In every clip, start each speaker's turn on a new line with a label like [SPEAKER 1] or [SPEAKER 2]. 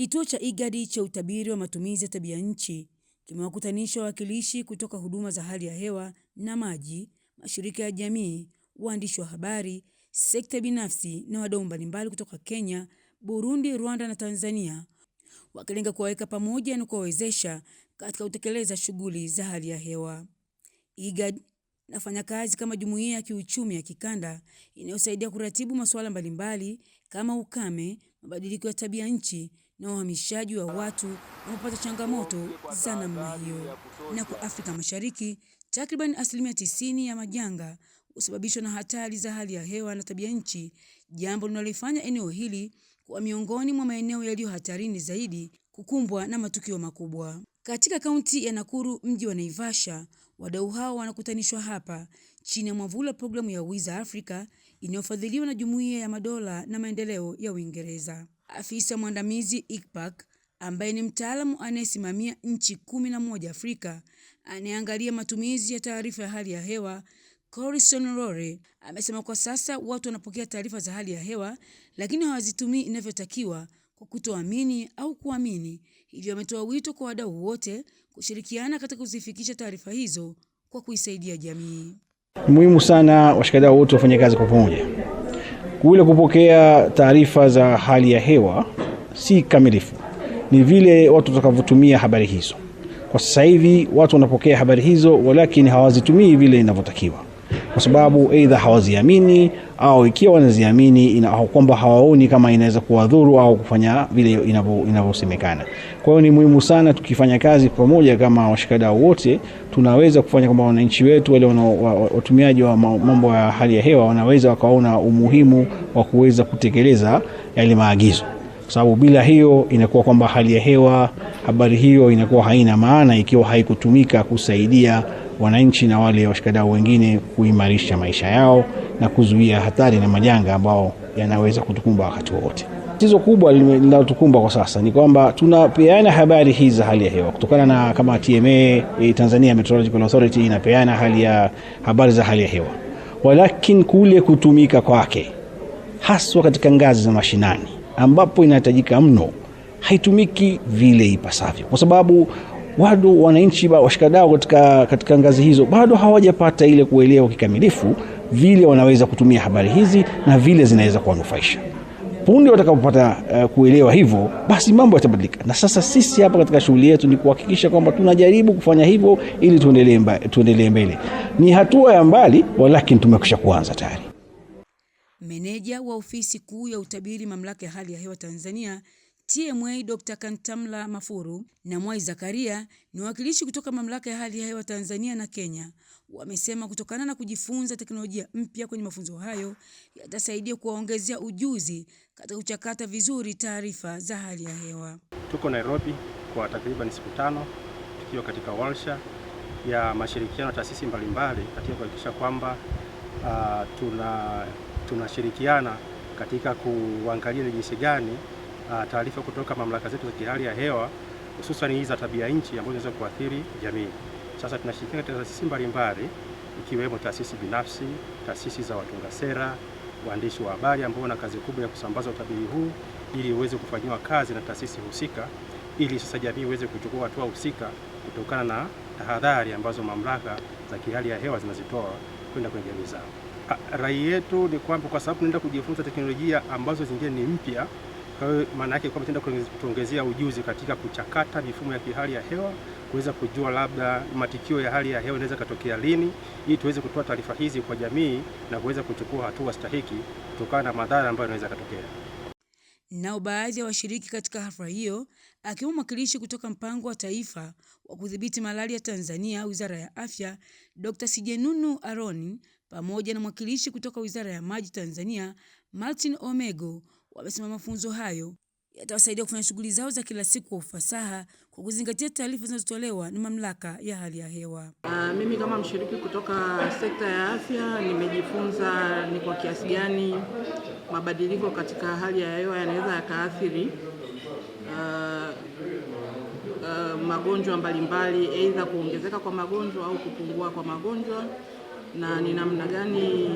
[SPEAKER 1] Kituo cha IGADI cha utabiri wa matumizi ya tabia nchi kimewakutanisha wawakilishi kutoka huduma za hali ya hewa na maji, mashirika ya jamii, waandishi wa habari, sekta binafsi na wadau mbalimbali kutoka Kenya, Burundi, Rwanda na Tanzania, wakilenga kuwaweka pamoja na kuwawezesha katika kutekeleza shughuli za hali ya hewa. IGAD inafanya kazi kama jumuiya ya kiuchumi ya kikanda inayosaidia kuratibu masuala mbalimbali kama ukame, mabadiliko ya tabia nchi, na uhamishaji wa watu wamepata changamoto za namna hiyo. Na kwa Afrika Mashariki, takriban asilimia tisini ya majanga husababishwa na hatari za hali ya hewa na tabia nchi, jambo linaloifanya eneo hili kuwa miongoni mwa maeneo yaliyo hatarini zaidi kukumbwa na matukio makubwa. Katika kaunti ya Nakuru, mji wa Naivasha, wadau hao wanakutanishwa hapa chini ya mwavuli wa programu ya Wiza Africa inayofadhiliwa na Jumuiya ya Madola na Maendeleo ya Uingereza. Afisa mwandamizi ICPAC ambaye ni mtaalamu anayesimamia nchi kumi na moja Afrika anayeangalia matumizi ya taarifa ya hali ya hewa Corison Rory amesema kwa sasa watu wanapokea taarifa za hali ya hewa lakini hawazitumii inavyotakiwa kwa kutoamini au kuamini. Hivyo ametoa wito kwa wadau wote kushirikiana katika kuzifikisha taarifa hizo kwa kuisaidia jamii.
[SPEAKER 2] Muhimu sana washikadau wote wafanye kazi kwa pamoja. Kule kupokea taarifa za hali ya hewa si kamilifu, ni vile watu watakavyotumia habari hizo. Kwa sasa hivi watu wanapokea habari hizo, walakini hawazitumii vile inavyotakiwa kwa sababu aidha hawaziamini au ikiwa wanaziamini kwamba hawaoni kama inaweza kuwadhuru au kufanya vile inavyosemekana. Kwa hiyo ni muhimu sana tukifanya kazi pamoja kama washikadao wote, tunaweza kufanya kwamba wananchi wetu wale watumiaji wa mambo ya hali ya hewa wanaweza wakaona umuhimu wa kuweza kutekeleza yale maagizo kwa sababu bila hiyo inakuwa kwamba hali ya hewa, habari hiyo inakuwa haina maana ikiwa haikutumika kusaidia wananchi na wale washikadau wengine kuimarisha maisha yao na kuzuia hatari na majanga ambao yanaweza kutukumba wakati wowote. Tatizo kubwa linalotukumba kwa sasa ni kwamba tunapeana habari hizi za hali ya hewa kutokana na kama TMA, e, Tanzania Meteorological Authority inapeana hali ya habari za hali ya hewa, walakin kule kutumika kwake haswa katika ngazi za mashinani ambapo inahitajika mno haitumiki vile ipasavyo, kwa sababu bado wananchi washikadao katika, katika ngazi hizo bado hawajapata ile kuelewa kikamilifu vile wanaweza kutumia habari hizi na vile zinaweza kuwanufaisha. Punde watakapopata uh, kuelewa hivyo, basi mambo yatabadilika. Na sasa sisi hapa katika shughuli yetu ni kuhakikisha kwamba tunajaribu kufanya hivyo ili tuendelee mbele. Ni hatua ya mbali, walakini tumekisha kuanza tayari.
[SPEAKER 1] Meneja wa ofisi kuu ya utabiri mamlaka ya hali ya hewa Tanzania TMA Dr. Kantamla Mafuru na Mwai Zakaria ni wawakilishi kutoka Mamlaka ya Hali ya Hewa Tanzania na Kenya wamesema kutokana na kujifunza teknolojia mpya kwenye mafunzo hayo yatasaidia kuwaongezea ujuzi katika kuchakata vizuri taarifa za hali ya hewa.
[SPEAKER 3] Tuko Nairobi kwa takriban siku tano tukiwa katika warsha ya mashirikiano ya taasisi mbalimbali katika kuhakikisha kwamba uh, tunashirikiana katika kuangalia ni jinsi gani Uh, taarifa kutoka mamlaka zetu za kihali ya hewa hususan hizi za tabia nchi ambazo zinaweza kuathiri jamii. Sasa tunashirikiana katika taasisi mbalimbali ikiwemo taasisi binafsi, taasisi za watunga sera, waandishi wa habari ambao wana kazi kubwa ya kusambaza utabiri huu ili uweze kufanyiwa kazi na taasisi husika ili sasa jamii iweze kuchukua hatua husika kutokana na tahadhari ambazo mamlaka za kihali ya hewa zinazitoa kwenda kwenye jamii zao. Ah, rai yetu ni kwamba kwa sababu tunaenda kujifunza teknolojia ambazo zingine ni mpya kwa hiyo maana yake kwamba tunaenda kutuongezea ujuzi katika kuchakata mifumo ya hali ya hewa, kuweza kujua labda matukio ya hali ya hewa inaweza katokea lini, ili tuweze kutoa taarifa hizi kwa jamii na kuweza kuchukua hatua stahiki kutokana na madhara ambayo yanaweza katokea.
[SPEAKER 1] Nao baadhi ya washiriki katika hafla hiyo akiwemo mwakilishi kutoka mpango wa taifa wa kudhibiti malaria Tanzania, wizara ya afya, Dr. Sijenunu Aroni pamoja na mwakilishi kutoka wizara ya maji Tanzania, Martin Omego Wamesema mafunzo hayo yatawasaidia kufanya shughuli zao za kila siku kwa ufasaha kwa kuzingatia taarifa zinazotolewa na mamlaka ya hali ya hewa.
[SPEAKER 4] Uh, mimi kama mshiriki kutoka sekta ya afya nimejifunza ni kwa kiasi gani mabadiliko katika hali ya hewa yanaweza yakaathiri uh, uh, magonjwa mbalimbali, aidha kuongezeka kwa magonjwa au kupungua kwa magonjwa, na ni namna gani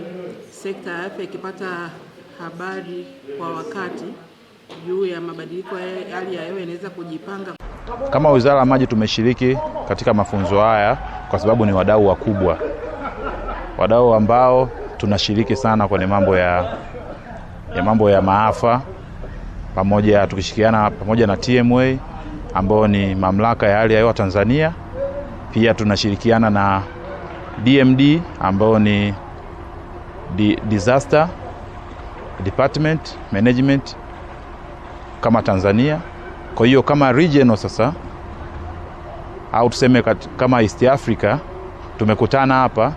[SPEAKER 4] sekta ya afya ikipata habari kwa wakati juu ya mabadiliko ya hali ya hewa inaweza kujipanga.
[SPEAKER 2] Kama Wizara ya Maji tumeshiriki katika mafunzo haya kwa sababu ni wadau wakubwa, wadau ambao tunashiriki sana kwenye mambo ya, ya mambo ya maafa pamoja tukishirikiana pamoja na TMA ambao ni mamlaka ya hali ya hewa Tanzania. Pia tunashirikiana na DMD ambao ni di, disaster department management kama Tanzania. Kwa hiyo kama regional sasa au tuseme kama East Africa tumekutana hapa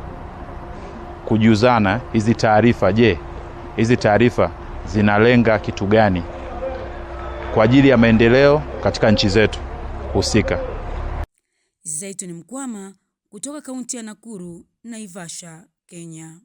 [SPEAKER 2] kujuzana hizi taarifa. Je, hizi taarifa zinalenga kitu gani kwa ajili ya maendeleo katika nchi zetu husika?
[SPEAKER 1] Zaituni Mkwama kutoka kaunti ya Nakuru, Naivasha, Kenya.